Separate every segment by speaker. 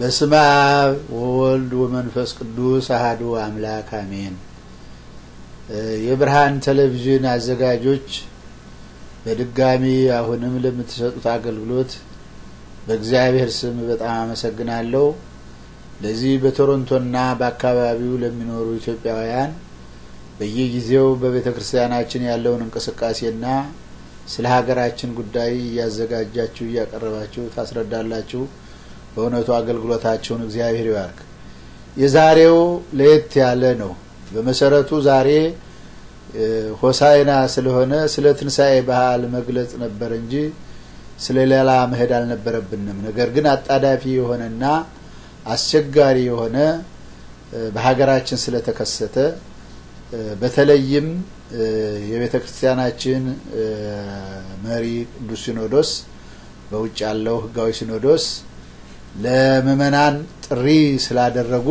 Speaker 1: በስመ አብ ወወልድ ወመንፈስ ቅዱስ አህዱ አምላክ አሜን። የብርሃን ቴሌቪዥን አዘጋጆች በድጋሚ አሁንም ለምትሰጡት አገልግሎት በእግዚአብሔር ስም በጣም አመሰግናለሁ። ለዚህ በቶሮንቶና በአካባቢው ለሚኖሩ ኢትዮጵያውያን በየጊዜው በቤተ ክርስቲያናችን ያለውን እንቅስቃሴና ስለ ሀገራችን ጉዳይ እያዘጋጃችሁ እያቀረባችሁ ታስረዳላችሁ። በእውነቱ አገልግሎታቸውን እግዚአብሔር ይባርክ። የዛሬው ለየት ያለ ነው። በመሰረቱ ዛሬ ሆሳይና ስለሆነ ስለ ትንሣኤ ባህል መግለጽ ነበር እንጂ ስለ ሌላ መሄድ አልነበረብንም። ነገር ግን አጣዳፊ የሆነና አስቸጋሪ የሆነ በሀገራችን ስለተከሰተ በተለይም የቤተ ክርስቲያናችን መሪ ቅዱስ ሲኖዶስ በውጭ ያለው ህጋዊ ሲኖዶስ ለምእመናን ጥሪ ስላደረጉ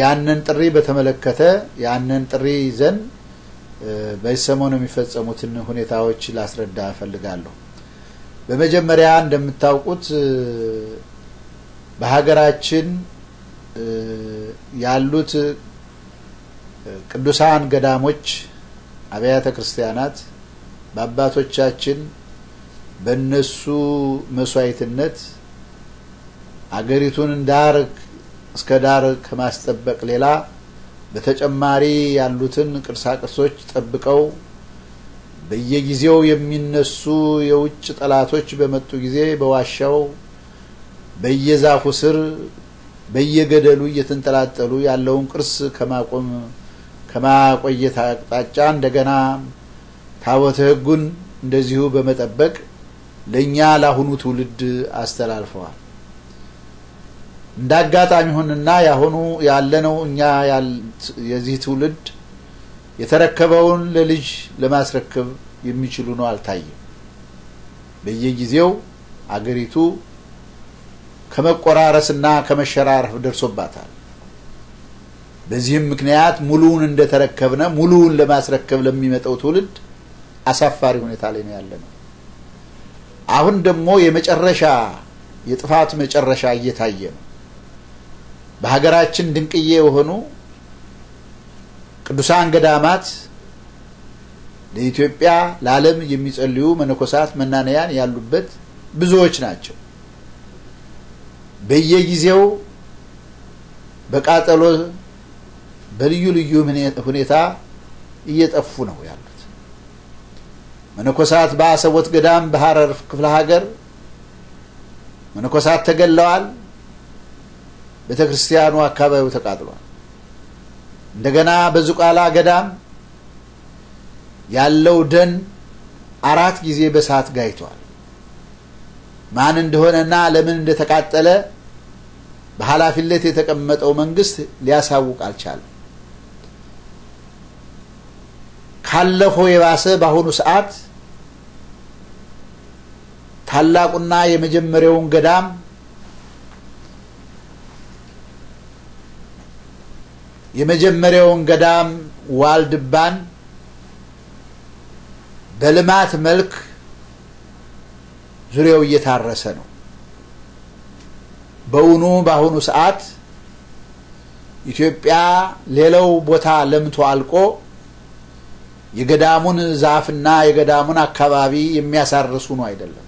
Speaker 1: ያንን ጥሪ በተመለከተ ያንን ጥሪ ይዘን በሰሞኑ የሚፈጸሙትን ሁኔታዎች ላስረዳ እፈልጋለሁ። በመጀመሪያ እንደምታውቁት በሀገራችን ያሉት ቅዱሳን ገዳሞች፣ አብያተ ክርስቲያናት በአባቶቻችን በእነሱ መስዋዕትነት አገሪቱን ዳር እስከ ዳር ከማስጠበቅ ሌላ በተጨማሪ ያሉትን ቅርሳቅርሶች ጠብቀው በየጊዜው የሚነሱ የውጭ ጠላቶች በመጡ ጊዜ በዋሻው በየዛፉ ስር በየገደሉ እየተንጠላጠሉ ያለውን ቅርስ ከማቆም ከማቆየት አቅጣጫ እንደገና ታቦተ ሕጉን እንደዚሁ በመጠበቅ ለእኛ ለአሁኑ ትውልድ አስተላልፈዋል። እንደ አጋጣሚ ሆንና ያሁኑ ያለነው እኛ የዚህ ትውልድ የተረከበውን ለልጅ ለማስረከብ የሚችሉ ነው አልታየም። በየጊዜው አገሪቱ ከመቆራረስና ከመሸራረፍ ደርሶባታል። በዚህም ምክንያት ሙሉውን እንደተረከብነ ሙሉውን ለማስረከብ ለሚመጣው ትውልድ አሳፋሪ ሁኔታ ላይ ነው ያለ ነው። አሁን ደግሞ የመጨረሻ የጥፋት መጨረሻ እየታየ ነው። በሀገራችን ድንቅዬ የሆኑ ቅዱሳን ገዳማት ለኢትዮጵያ ለዓለም የሚጸልዩ መነኮሳት መናነያን ያሉበት ብዙዎች ናቸው። በየጊዜው በቃጠሎ በልዩ ልዩ ሁኔታ እየጠፉ ነው ያሉት መነኮሳት በአሰቦት ገዳም በሀረር ክፍለ ሀገር መነኮሳት ተገለዋል። ቤተ ክርስቲያኑ አካባቢው ተቃጥሏል። እንደገና በዙቃላ ገዳም ያለው ደን አራት ጊዜ በሰዓት ጋይቷል። ማን እንደሆነና ለምን እንደተቃጠለ በኃላፊነት የተቀመጠው መንግስት ሊያሳውቅ አልቻለም። ካለፈው የባሰ በአሁኑ ሰዓት ታላቁና የመጀመሪያውን ገዳም የመጀመሪያውን ገዳም ዋልድባን በልማት መልክ ዙሪያው እየታረሰ ነው። በውኑ በአሁኑ ሰዓት ኢትዮጵያ ሌላው ቦታ ለምቶ አልቆ የገዳሙን ዛፍና የገዳሙን አካባቢ የሚያሳርሱ ነው አይደለም።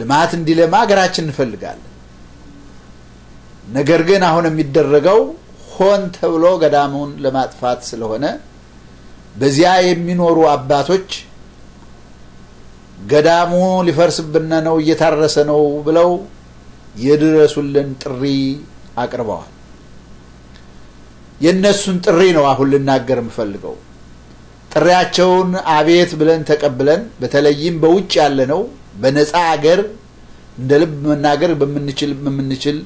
Speaker 1: ልማት እንዲለማ ሀገራችን እንፈልጋለን። ነገር ግን አሁን የሚደረገው ሆን ተብሎ ገዳሙን ለማጥፋት ስለሆነ በዚያ የሚኖሩ አባቶች ገዳሙ ሊፈርስብን ነው፣ እየታረሰ ነው ብለው የድረሱልን ጥሪ አቅርበዋል። የእነሱን ጥሪ ነው አሁን ልናገር የምፈልገው። ጥሪያቸውን አቤት ብለን ተቀብለን በተለይም በውጭ ያለ ነው በነፃ አገር እንደ ልብ መናገር በምንችል የምንችል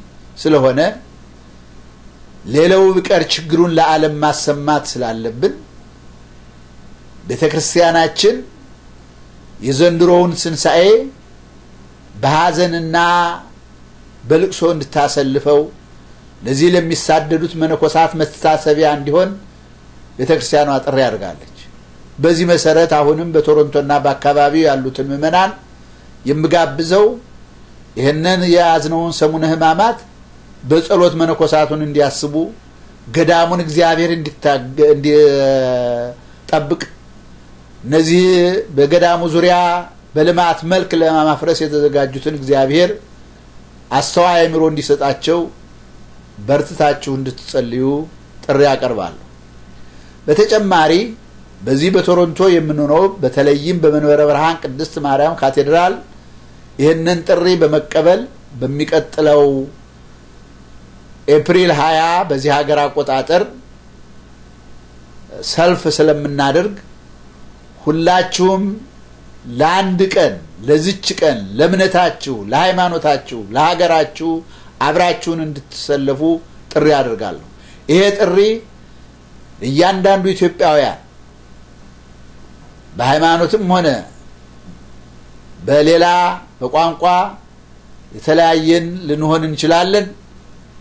Speaker 1: ስለሆነ ሌላው ቢቀር ችግሩን ለዓለም ማሰማት ስላለብን ቤተ ክርስቲያናችን የዘንድሮውን ስንሳኤ በሐዘንና በልቅሶ እንድታሰልፈው ለዚህ ለሚሳደዱት መነኮሳት መታሰቢያ እንዲሆን ቤተ ክርስቲያኗ ጥሪ አድርጋለች። በዚህ መሰረት አሁንም በቶሮንቶና በአካባቢው ያሉትን ምዕመናን የምጋብዘው ይህንን የያዝነውን ሰሙነ ሕማማት በጸሎት መነኮሳቱን እንዲያስቡ ገዳሙን እግዚአብሔር እንዲጠብቅ እነዚህ በገዳሙ ዙሪያ በልማት መልክ ለማፍረስ የተዘጋጁትን እግዚአብሔር አስተዋይ አእምሮ እንዲሰጣቸው በርትታችሁ እንድትጸልዩ ጥሪ ያቀርባሉ። በተጨማሪ በዚህ በቶሮንቶ የምንኖው በተለይም በመንበረ ብርሃን ቅድስት ማርያም ካቴድራል ይህንን ጥሪ በመቀበል በሚቀጥለው ኤፕሪል 20 በዚህ ሀገር አቆጣጠር ሰልፍ ስለምናደርግ ሁላችሁም ለአንድ ቀን ለዚች ቀን ለእምነታችሁ፣ ለሃይማኖታችሁ፣ ለሀገራችሁ አብራችሁን እንድትሰለፉ ጥሪ አደርጋለሁ። ይሄ ጥሪ እያንዳንዱ ኢትዮጵያውያን በሃይማኖትም ሆነ በሌላ በቋንቋ የተለያየን ልንሆን እንችላለን።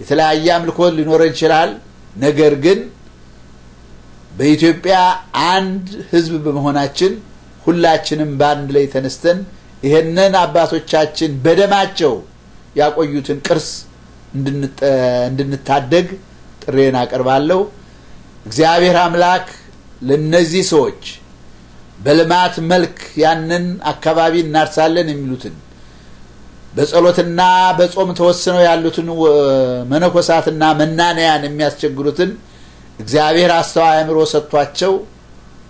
Speaker 1: የተለያየ አምልኮ ሊኖረ ይችላል። ነገር ግን በኢትዮጵያ አንድ ህዝብ በመሆናችን ሁላችንም በአንድ ላይ ተነስተን ይህንን አባቶቻችን በደማቸው ያቆዩትን ቅርስ እንድንታደግ ጥሬን አቀርባለሁ። እግዚአብሔር አምላክ ለነዚህ ሰዎች በልማት መልክ ያንን አካባቢ እናርሳለን የሚሉትን በጸሎትና በጾም ተወስነው ያሉትን መነኮሳትና መናንያን የሚያስቸግሩትን እግዚአብሔር አስተዋይ አእምሮ ሰጥቷቸው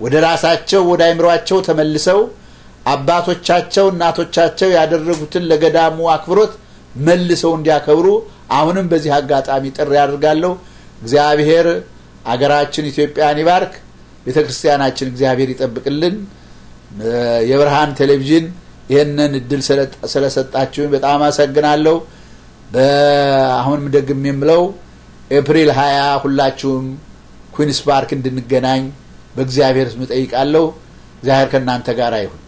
Speaker 1: ወደ ራሳቸው ወደ አእምሯቸው ተመልሰው አባቶቻቸው እናቶቻቸው ያደረጉትን ለገዳሙ አክብሮት መልሰው እንዲያከብሩ አሁንም በዚህ አጋጣሚ ጥሪ አድርጋለሁ። እግዚአብሔር አገራችን ኢትዮጵያን ይባርክ። ቤተ ክርስቲያናችን እግዚአብሔር ይጠብቅልን። የብርሃን ቴሌቪዥን ይህንን እድል ስለሰጣችሁኝ በጣም አመሰግናለሁ። አሁንም ደግም የምለው ኤፕሪል ሀያ ሁላችሁም ኩንስ ፓርክ እንድንገናኝ በእግዚአብሔር ስም እጠይቃለሁ። እግዚአብሔር ከእናንተ ጋር ይሁን።